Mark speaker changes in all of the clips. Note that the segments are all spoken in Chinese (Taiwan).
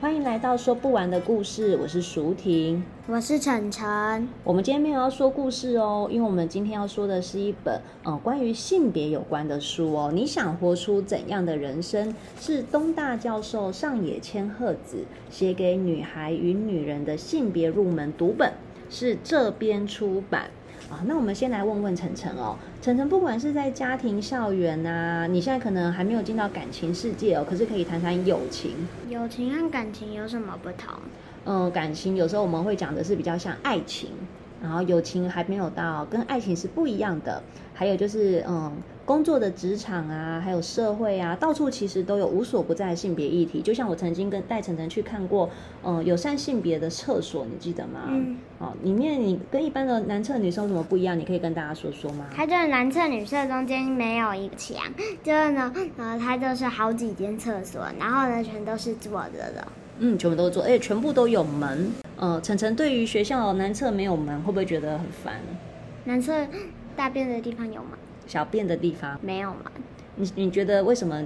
Speaker 1: 歡迎來到說不完的故事，我是淑婷，我是澄澄。我們今天沒有要說故事哦，因為我們今天要說的是一本嗯、呃、關於性別有關的書哦。你想活出怎樣的人生？是東大教授上野千鶴子寫給女孩與女人的性別入門讀本，是這邊出版。啊、哦，那我們先來問問澄澄哦。澄澄，不管是在家庭、校園吶、啊，你現在可能還沒有進到感情世界哦，可是可以談談友情。
Speaker 2: 友情和感情有什麼不同？
Speaker 1: 嗯，感情有時候我們會講的是比較像愛情，然後友情還沒有到，跟愛情是不一樣的。還有就是，嗯，工作的職場啊，還有社會啊，到處其實都有無所不在的性別議題。就像我曾經跟帶澄澄去看過，嗯，友善性別的廁所，你記得嗎？嗯、哦。裡面你跟一般的男廁、女生有什麼不一樣？你可以跟大家說說嗎？
Speaker 2: 它就是男廁、女廁中間沒有一牆，就是呢，然後它就是好幾間廁所，然後呢，全都是坐着的。
Speaker 1: 嗯，全部都坐，而、欸、且全部都有門。嗯、呃，澄澄對於學校男廁沒有門，會不會覺得很煩？
Speaker 2: 男廁。大便的地方有嗎？
Speaker 1: 小便的地方沒有嗎？你你覺得為什麼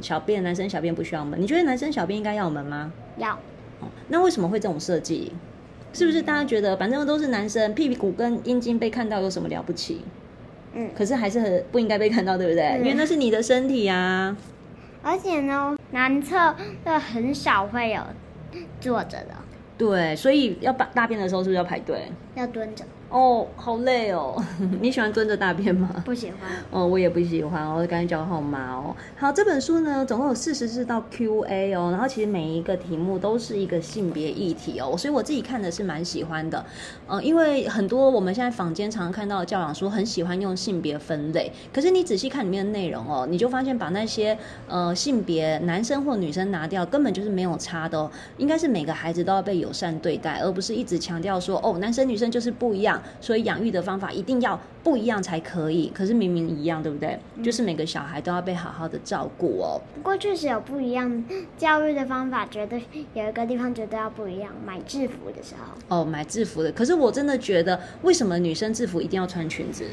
Speaker 1: 小便男生小便不需要門？你覺得男生小便應該要門嗎？要。嗯，那為什麼會這種設計？是不是大家覺得反正都是男生，屁股跟陰莖被看到有什麼了不起？嗯。可是還是很不應該被看到，對不對？嗯。因為那是你的身體啊。
Speaker 2: 而且呢，男廁的很少會有坐着的。
Speaker 1: 對，所以要大大便的時候是不是要排隊？
Speaker 2: 要蹲着。
Speaker 1: 哦，好累哦。 你喜歡蹲着大便嗎？不喜歡。哦，我也不喜歡。我就感覺腳好麻哦。好，這本書呢，總共有四十四道 Q A 哦。然後其實每一個題目都是一個性別議題哦，所以我自己看的是蠻喜歡的。嗯、呃，因為很多我們現在坊間常看到的教養書，很喜歡用性別分類。可是你仔細看裡面的內容哦，你就發現把那些呃性別男生或女生拿掉，根本就是沒有差的。哦，應該是每個孩子都要被友善對待，而不是一直強調說哦，男生女生就是不一樣。所以養育的方法一定要不一樣才可以，可是明明一樣，對不對？嗯，就是每個小孩都要被好好的照顧哦。
Speaker 2: 不過確實有不一樣，教育的方法覺得有一個地方覺得要不一樣。買制服的時候，
Speaker 1: 哦，買制服的。可是我真的覺得，為什麼女生制服一定要穿裙子？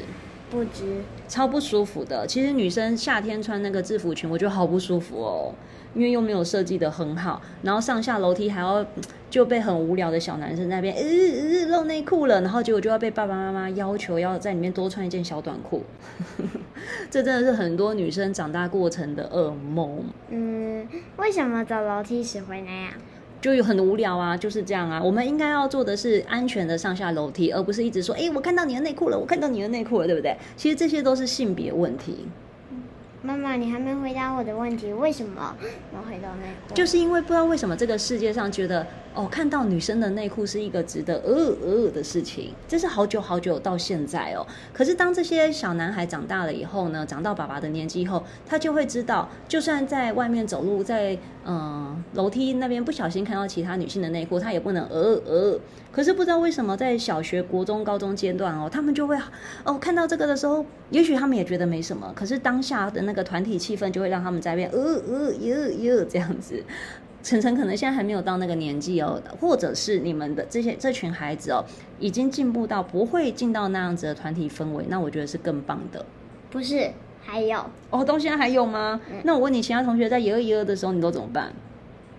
Speaker 2: 不知，
Speaker 1: 超不舒服的。其實女生夏天穿那個制服裙，我覺得好不舒服哦，因為又沒有設計得很好，然後上下樓梯還要就被很無聊的小男生在那邊呃呃露內褲了，然後結果就要被爸爸媽媽要求要在裡面多穿一件小短褲， 這真的是很多女生長大過程的噩夢。嗯，
Speaker 2: 為什麼走樓梯時會那樣？
Speaker 1: 就有很無聊啊，就是這樣啊。我們應該要做的是安全的上下樓梯，而不是一直說：“哎，我看到你的內褲了，我看到你的內褲了，對不對？”其實這些都是性別問題。
Speaker 2: 媽媽，你還沒回答我的問題，為什麼我回到內褲？就
Speaker 1: 是因為不知道為什麼這個世界上覺得。哦，看到女生的內褲是一個值得呃呃的事情，這是好久好久到現在哦。可是當這些小男孩長大了以後呢，長到爸爸的年紀以後，他就會知道，就算在外面走路，在嗯、呃、樓梯那邊不小心看到其他女性的內褲，他也不能呃呃。可是不知道為什麼，在小學、國中、高中階段哦，他們就會哦看到這個的時候，也許他們也覺得沒什麼，可是當下的那個團體氣氛就會讓他們在邊呃呃呃呃，呃，呃這樣子。晨晨可能現在還沒有到那個年紀哦，或者是你們的這些這群孩子哦，已經進步到不會進到那樣子的團體氛圍，那我覺得是更棒的。不是還有哦，到現在還有嗎？嗯、那我問你，其他同學在一二一二的時候，你都怎麼辦？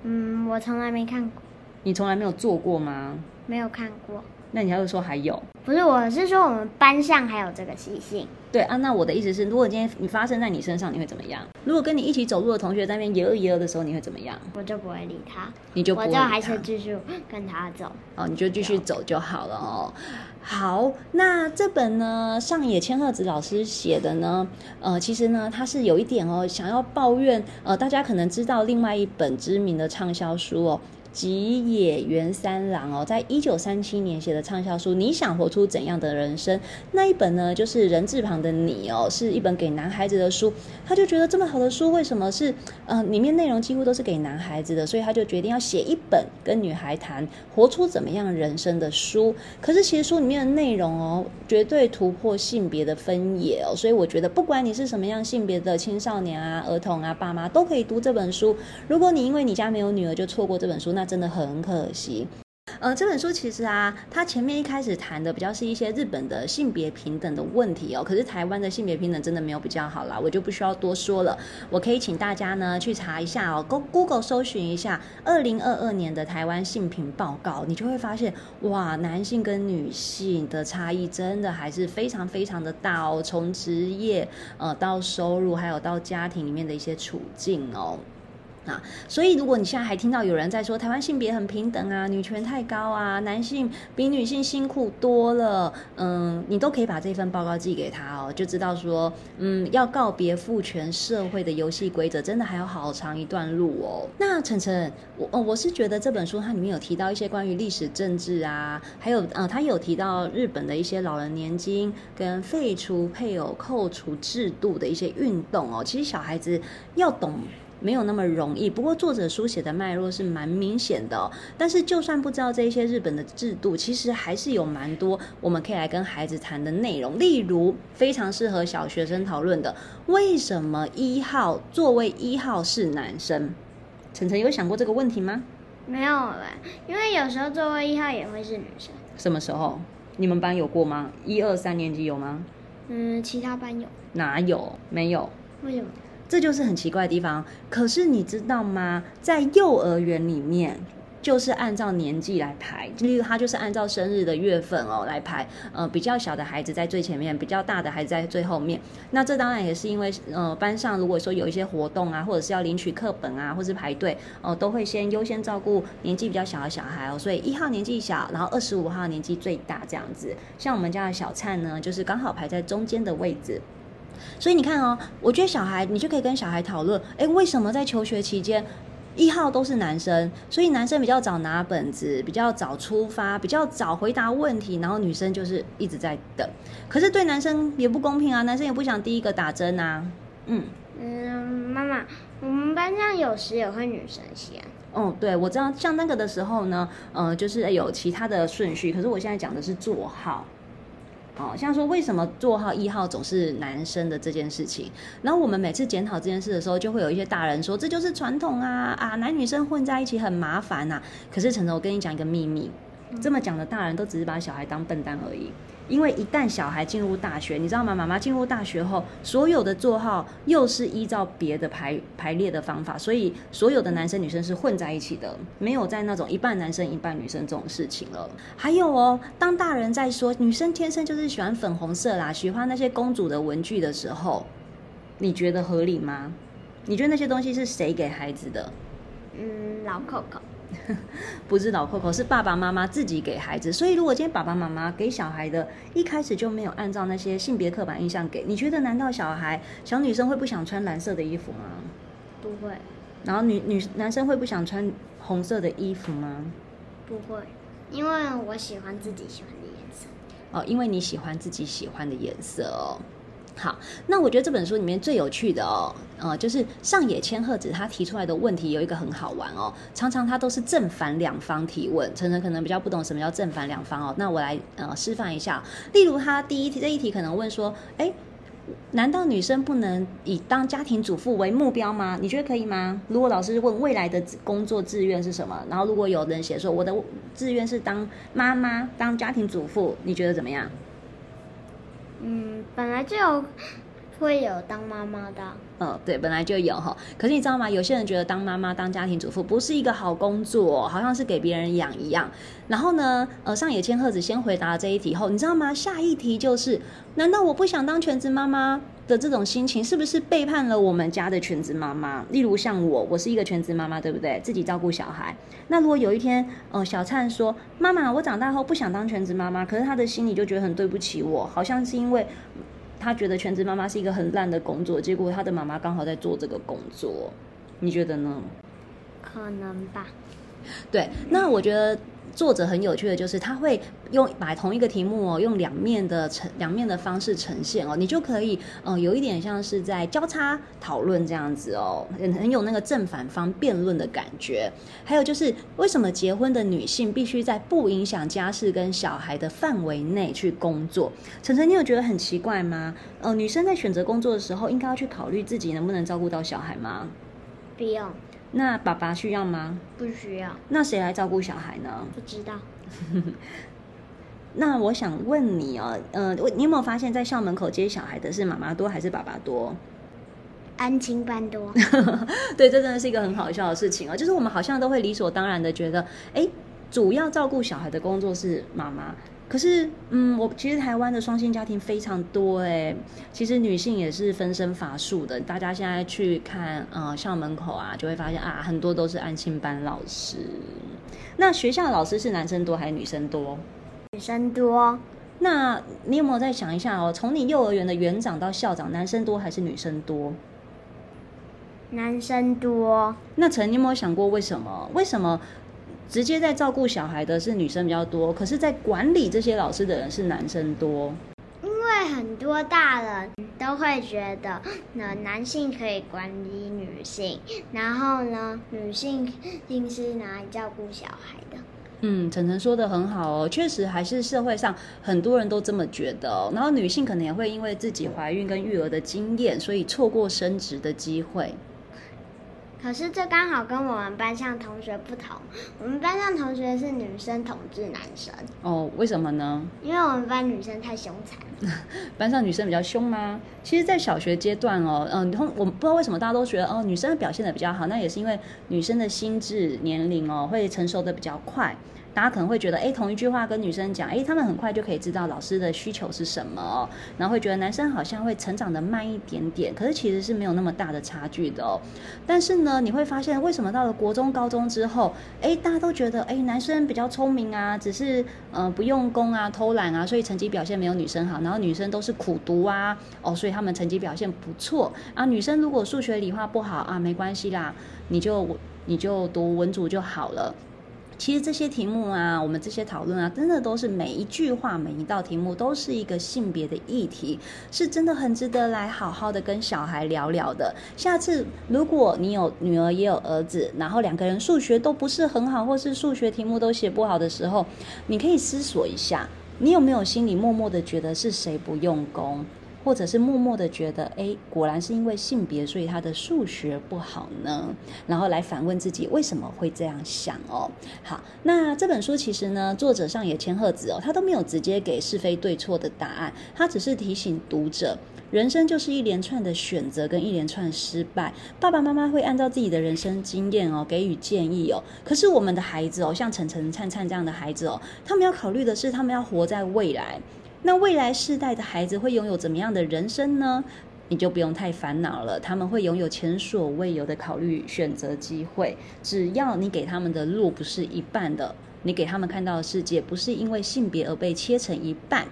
Speaker 2: 嗯，我從來沒看過。
Speaker 1: 你從來沒有做過嗎？
Speaker 2: 沒有看過。
Speaker 1: 那你要是說還有？
Speaker 2: 不是，我是說我們班上還
Speaker 1: 有這個習性。對啊，那我的意思是，如果今天你發生在你身上，你會怎麼樣？如果跟你一起走路的同學在那邊耶爾耶的時候，你會怎麼樣？
Speaker 2: 我就不會理他。你就不會理他。我就還是繼續跟
Speaker 1: 他走。哦，你就繼續走就好了哦。Okay. 好，那這本呢，上野千鶴子老師寫的呢，呃，其實呢，它是有一點哦，想要抱怨。呃，大家可能知道另外一本知名的暢銷書哦。吉野源三郎哦，在一九三七年寫的暢銷書《你想活出怎樣的人生》，那一本呢，就是人字旁的“你”哦，是一本給男孩子的書。他就覺得這麼好的書，為什麼是嗯、呃，裡面內容幾乎都是給男孩子的？所以他就決定要寫一本跟女孩談活出怎麼樣人生的書。可是其實書裡面的內容哦，絕對突破性別的分野哦，所以我覺得，不管你是什麼樣性別的青少年啊、兒童啊、爸媽都可以讀這本書。如果你因為你家沒有女兒就錯過這本書，那。那真的很可惜，呃，這本書其實啊，它前面一開始談的比較是一些日本的性別平等的問題哦，可是台灣的性別平等真的沒有比較好啦，我就不需要多說了。我可以請大家呢去查一下哦，Google 搜尋一下二零二二年的台灣性平報告，你就會發現哇，男性跟女性的差異真的還是非常非常的大哦，從職業呃到收入，還有到家庭裡面的一些處境哦。啊，所以如果你現在還聽到有人在說台灣性別很平等啊，女權太高啊，男性比女性辛苦多了，嗯，你都可以把這份報告寄給他哦，就知道說，嗯，要告別父權社會的遊戲規則，真的還有好長一段路哦。那澄澄，我、呃、我是覺得這本書它裡面有提到一些關於歷史政治啊，還有呃，它有提到日本的一些老人年金跟廢除配偶扣除制度的一些運動哦。其實小孩子要懂。沒有那麼容易，不過作者書寫的脈絡是蠻明顯的哦。但是就算不知道這些日本的制度，其實還是有蠻多我們可以來跟孩子談的內容，例如非常適合小學生討論的：為什麼一號座位一號是男生？澄澄有想過這個問題嗎？
Speaker 2: 沒有了，因為有時候座位一號也會是女生。
Speaker 1: 什麼時候？你們班有過嗎？一二三年級有嗎？嗯，
Speaker 2: 其他班有。
Speaker 1: 哪有？沒有。為什麼？這就是很奇怪的地方。可是你知道嗎？在幼兒園裡面，就是按照年紀來排，例如他就是按照生日的月份哦來排。呃，比較小的孩子在最前面，比較大的孩子在最後面。那這當然也是因為，呃，班上如果說有一些活動啊，或者是要領取課本啊，或者排隊哦、呃，都會先優先照顧年紀比較小的小孩哦。所以一號年紀小，然後二十五號年紀最大這樣子。像我們家的小燦呢，就是剛好排在中間的位置。所以你看哦，我覺得小孩你就可以跟小孩討論，哎，為什麼在求學期間，一號都是男生，所以男生比較早拿本子，比較早出發，比較早回答問題，然後女生就是一直在等。可是對男生也不公平啊，男生也不想第一個打針啊。嗯
Speaker 2: 嗯，媽媽，我們班上有時也會女生先。
Speaker 1: 哦，嗯，對，我知道，像那個的時候呢，呃，就是有其他的順序，可是我現在講的是座號。哦，像說為什麼座號一號總是男生的這件事情，然後我們每次檢討這件事的時候，就會有一些大人說，這就是傳統啊啊，男女生混在一起很麻煩吶、啊。可是澄澄，我跟你講一個秘密，這麼講的大人都只是把小孩當笨蛋而已。因為一旦小孩進入大學，你知道嗎？媽媽進入大學後，所有的座號又是依照別的排排列的方法，所以所有的男生女生是混在一起的，沒有在那種一半男生一半女生這種事情了。還有哦，當大人在說女生天生就是喜歡粉紅色啦，喜歡那些公主的文具的時候，你覺得合理嗎？你覺得那些東西是誰給孩子的？
Speaker 2: 嗯，老扣扣。
Speaker 1: 不是老扣扣，是爸爸媽媽自己給孩子。所以，如果今天爸爸媽媽給小孩的，一開始就沒有按照那些性別刻板印象給，你覺得難道小孩小女生會不想穿藍色的衣服嗎？
Speaker 2: 不會。
Speaker 1: 然後女女男生會不想穿紅色的衣服嗎？
Speaker 2: 不會，因為我喜歡自己喜歡的顏色。
Speaker 1: 哦，因為你喜歡自己喜歡的顏色哦。好，那我覺得這本書裡面最有趣的哦，呃，就是上野千鶴子她提出來的問題有一個很好玩哦，常常她都是正反兩方提問，澄澄可能比較不懂什麼叫正反兩方哦，那我來呃示範一下，例如她第一題這一題可能問說，哎，難道女生不能以當家庭主婦為目標嗎？你覺得可以嗎？如果老師問未來的工作志願是什麼，然後如果有人寫說我的志願是當媽媽、當家庭主婦，你覺得怎麼樣？
Speaker 2: 嗯，本來就有會有當媽媽的。嗯、
Speaker 1: 哦，對，本來就有哈。可是你知道嗎？有些人覺得當媽媽、當家庭主婦不是一個好工作，好像是給別人養一樣。然後呢，呃，上野千鶴子先回答了這一題後，你知道嗎？下一題就是：難道我不想當全職媽媽？的這種心情是不是背叛了我們家的全職媽媽？例如像我，我是一個全職媽媽，對不對？自己照顧小孩。那如果有一天，嗯、呃，小燦說：“媽媽，我長大後不想當全職媽媽。”可是他的心裡就覺得很對不起我，好像是因為他覺得全職媽媽是一個很爛的工作，結果他的媽媽剛好在做這個工作，你覺得呢？
Speaker 2: 可能吧。
Speaker 1: 對，那我覺得。作者很有趣的，就是他會用把同一個題目哦，用兩面的呈兩面的方式呈現哦，你就可以嗯、呃，有一點像是在交叉討論這樣子哦，很有那個正反方辯論的感覺。還有就是，為什麼結婚的女性必須在不影響家事跟小孩的範圍內去工作？澄澄，你有覺得很奇怪嗎？呃，女生在選擇工作的時候，應該要去考慮自己能不能照顧到小孩嗎？
Speaker 2: 不要。
Speaker 1: 那爸爸需要嗎？不需要。那誰來照顧小孩呢？不知
Speaker 2: 道。
Speaker 1: 那我想問你哦，嗯、呃，你有沒有發現，在校門口接小孩的是媽媽多還是爸爸多？
Speaker 2: 安親班多。
Speaker 1: 對，這真的是一個很好笑的事情哦。就是我們好像都會理所當然的覺得，哎，主要照顧小孩的工作是媽媽。可是，嗯，我其實台灣的雙薪家庭非常多哎，其實女性也是分身乏術的。大家現在去看，啊、呃，校門口啊，就會發現啊，很多都是安親班老師。那學校老師是男生多還是女生多？女生多。那你有沒有再想一下哦？從你幼兒園的園長到校長，男生多還是女生多？男生多。那澄，你有沒有想過為什麼？為什麼？直接在照顧小孩的是女生比較多，可是，在管理這些老師的人是男生多。
Speaker 2: 因為很多大人都會覺得，男性可以管理女性，然後呢，女性應是拿來照顧小孩的。
Speaker 1: 嗯，澄澄說得很好哦，確實還是社會上很多人都這麼覺得哦，然後女性可能也會因為自己懷孕跟育兒的經驗，所以錯過升職的機會。
Speaker 2: 可是這剛好跟我們班上同學不同，我們班上同學是女生統治男生
Speaker 1: 哦。為什麼呢？
Speaker 2: 因為我們班女生太兇殘，
Speaker 1: 班上女生比較凶嗎、啊？其實，在小學階段哦，嗯、呃，同我們不知道為什麼大家都覺得哦、呃，女生表現的比較好，那也是因為女生的心智年齡哦會成熟得比較快。大家可能會覺得，哎，同一句話跟女生講，哎，他們很快就可以知道老師的需求是什麼哦，然後會覺得男生好像會成長的慢一點點，可是其實是沒有那麼大的差距的哦。但是呢，你會發現為什麼到了國中、高中之後，哎，大家都覺得，哎，男生比較聰明啊，只是，呃，不用功啊，偷懶啊，所以成績表現沒有女生好。然後女生都是苦讀啊，哦，所以他們成績表現不錯啊。女生如果數學、理化不好啊，沒關係啦，你就，你就讀文組就好了。其實這些題目啊，我們這些討論啊，真的都是每一句話、每一道題目都是一個性別的議題，是真的很值得來好好的跟小孩聊聊的。下次如果你有女兒也有兒子，然後兩個人數學都不是很好，或是數學題目都寫不好的時候，你可以思索一下，你有沒有心裡默默的覺得是誰不用功？或者是默默地覺得，誒，果然是因為性別，所以他的數學不好呢？然後來反問自己，為什麼會這樣想哦？好，那這本書其實呢，作者上野千鶴子哦，他都沒有直接給是非對錯的答案，他只是提醒讀者，人生就是一連串的選擇跟一連串失敗。爸爸媽媽會按照自己的人生經驗哦，給予建議哦。可是我們的孩子哦，像澄澄、燦燦這樣的孩子哦，他們要考慮的是，他們要活在未來。那未來世代的孩子會擁有怎麼樣的人生呢？你就不用太煩惱了。他們會擁有前所未有的考慮選擇機會，只要你給他們的路不是一半的，你給他們看到的世界不是因為性別而被切成一半。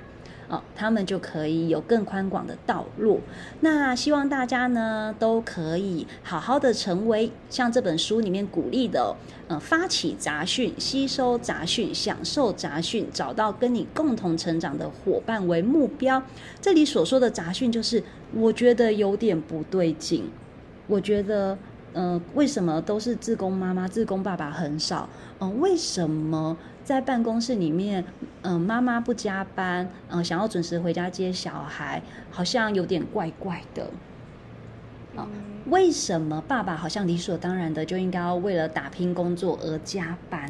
Speaker 1: 哦、他們就可以有更寬廣的道路。那希望大家呢都可以好好的成為像這本書裡面鼓勵的、哦，呃，發起雜訊，吸收雜訊，享受雜訊，找到跟你共同成長的夥伴為目標。這裡所說的雜訊就是我覺得有點不對勁。我覺得，嗯、呃，為什麼都是志工媽媽、志工爸爸很少？嗯、呃，為什麼？在辦公室裡面，嗯、呃，媽媽不加班，嗯、呃，想要準時回家接小孩，好像有點怪怪的。啊、呃，為什麼爸爸好像理所當然的就應該要為了打拼工作而加班？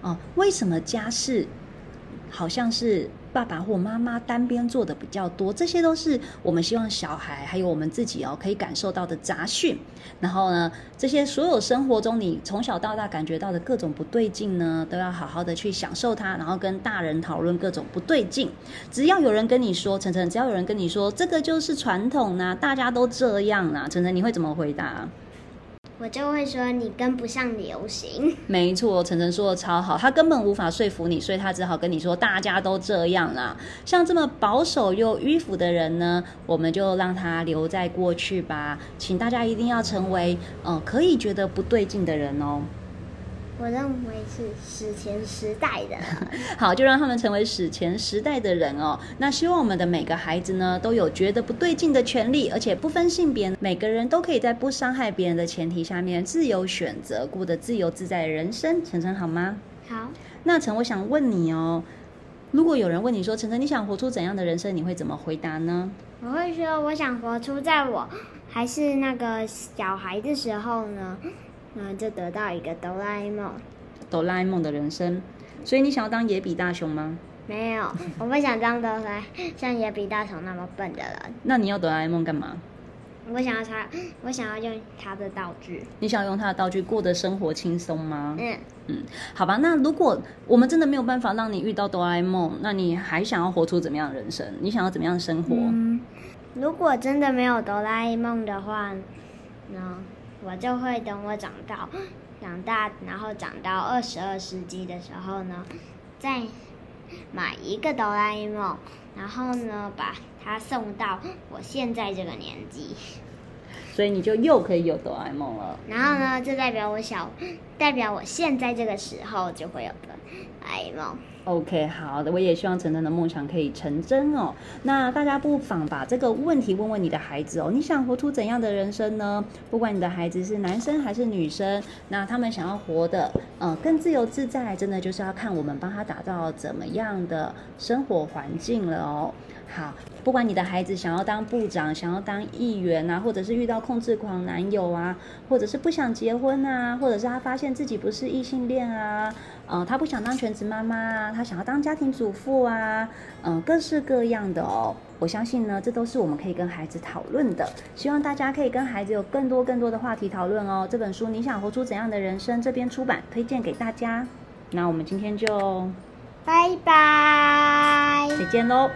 Speaker 1: 啊、呃，為什麼家事好像是？爸爸或媽媽單邊做的比較多，這些都是我們希望小孩還有我們自己哦可以感受到的雜訊。然後呢，這些所有生活中你從小到大感覺到的各種不對勁呢，都要好好的去享受它，然後跟大人討論各種不對勁。只要有人跟你說，晨晨，只要有人跟你說這個就是傳統吶，大家都這樣啦。晨晨，你會怎麼回答？
Speaker 2: 我就會說，你跟不上流行。
Speaker 1: 沒錯，澄澄說的超好。他根本無法說服你，所以他只好跟你說大家都這樣啦。像這麼保守又迂腐的人呢，我們就讓他留在過去吧。請大家一定要成為，嗯、呃，可以覺得不對勁的人哦。
Speaker 2: 我認為是史前時代的，
Speaker 1: 好，就讓他們成為史前時代的人哦。那希望我們的每個孩子呢，都有覺得不對勁的權利，而且不分性別，每個人都可以在不傷害別人的前提下面自由選擇，過得自由自在的人生。晨晨，好嗎？好。那晨，我想問你哦，如果有人問你說，晨晨，你想活出怎樣的人生？你會怎麼回答呢？
Speaker 2: 我會說，我想活出在我還是那個小孩的時候呢。嗯，然後就得到一個哆啦 A 夢，
Speaker 1: 哆啦 A 夢的人生。所以你想要當野比大雄嗎？
Speaker 2: 沒有，我不想當哆啦，像野比大雄那麼笨的人。
Speaker 1: 那你要哆啦 A 夢幹嘛？
Speaker 2: 我想要他，我想要用他的道具。
Speaker 1: 你想要用他的道具過的生活輕鬆嗎？嗯嗯，好吧。那如果我們真的沒有辦法讓你遇到哆啦 A 夢，那你還想要活出怎麼樣的人生？你想要怎麼樣的生活？嗯。
Speaker 2: 如果真的沒有哆啦 A 夢的話，呢？我就會等我長大長大，然後長到二十二世紀的時候呢，再買一個哆啦 A 夢，然後呢，把它送到我現在這個年紀。
Speaker 1: 所以你就又可以有哆啦 A 夢了。
Speaker 2: 然後呢，就代表我想，代表我現在這個時候就會有的。哎嘛
Speaker 1: I，OK，好的，我也希望澄澄的夢想可以成真哦。那大家不妨把這個問題問問你的孩子哦。你想活出怎樣的人生呢？不管你的孩子是男生還是女生，那他們想要活得，嗯、呃，更自由自在，真的就是要看我們幫他打造怎麼樣的生活環境了哦。好，不管你的孩子想要當部長，想要當議員啊，或者是遇到控制狂男友啊，或者是不想結婚啊，或者是他發現自己不是異性戀啊，嗯、呃，他不想當全。.孩子媽媽，她想要當家庭主婦啊，嗯，各式各樣的哦。我相信呢，這都是我們可以跟孩子討論的。希望大家可以跟孩子有更多更多的話題討論哦。這本書你想活出怎樣的人生？這邊出版推薦給大家。那我們今天就，拜拜，再見嘍。